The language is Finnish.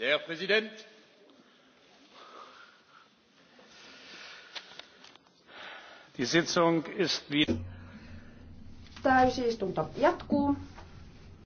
herr präsident! die sitzung ist wieder täysistunto jatkuu.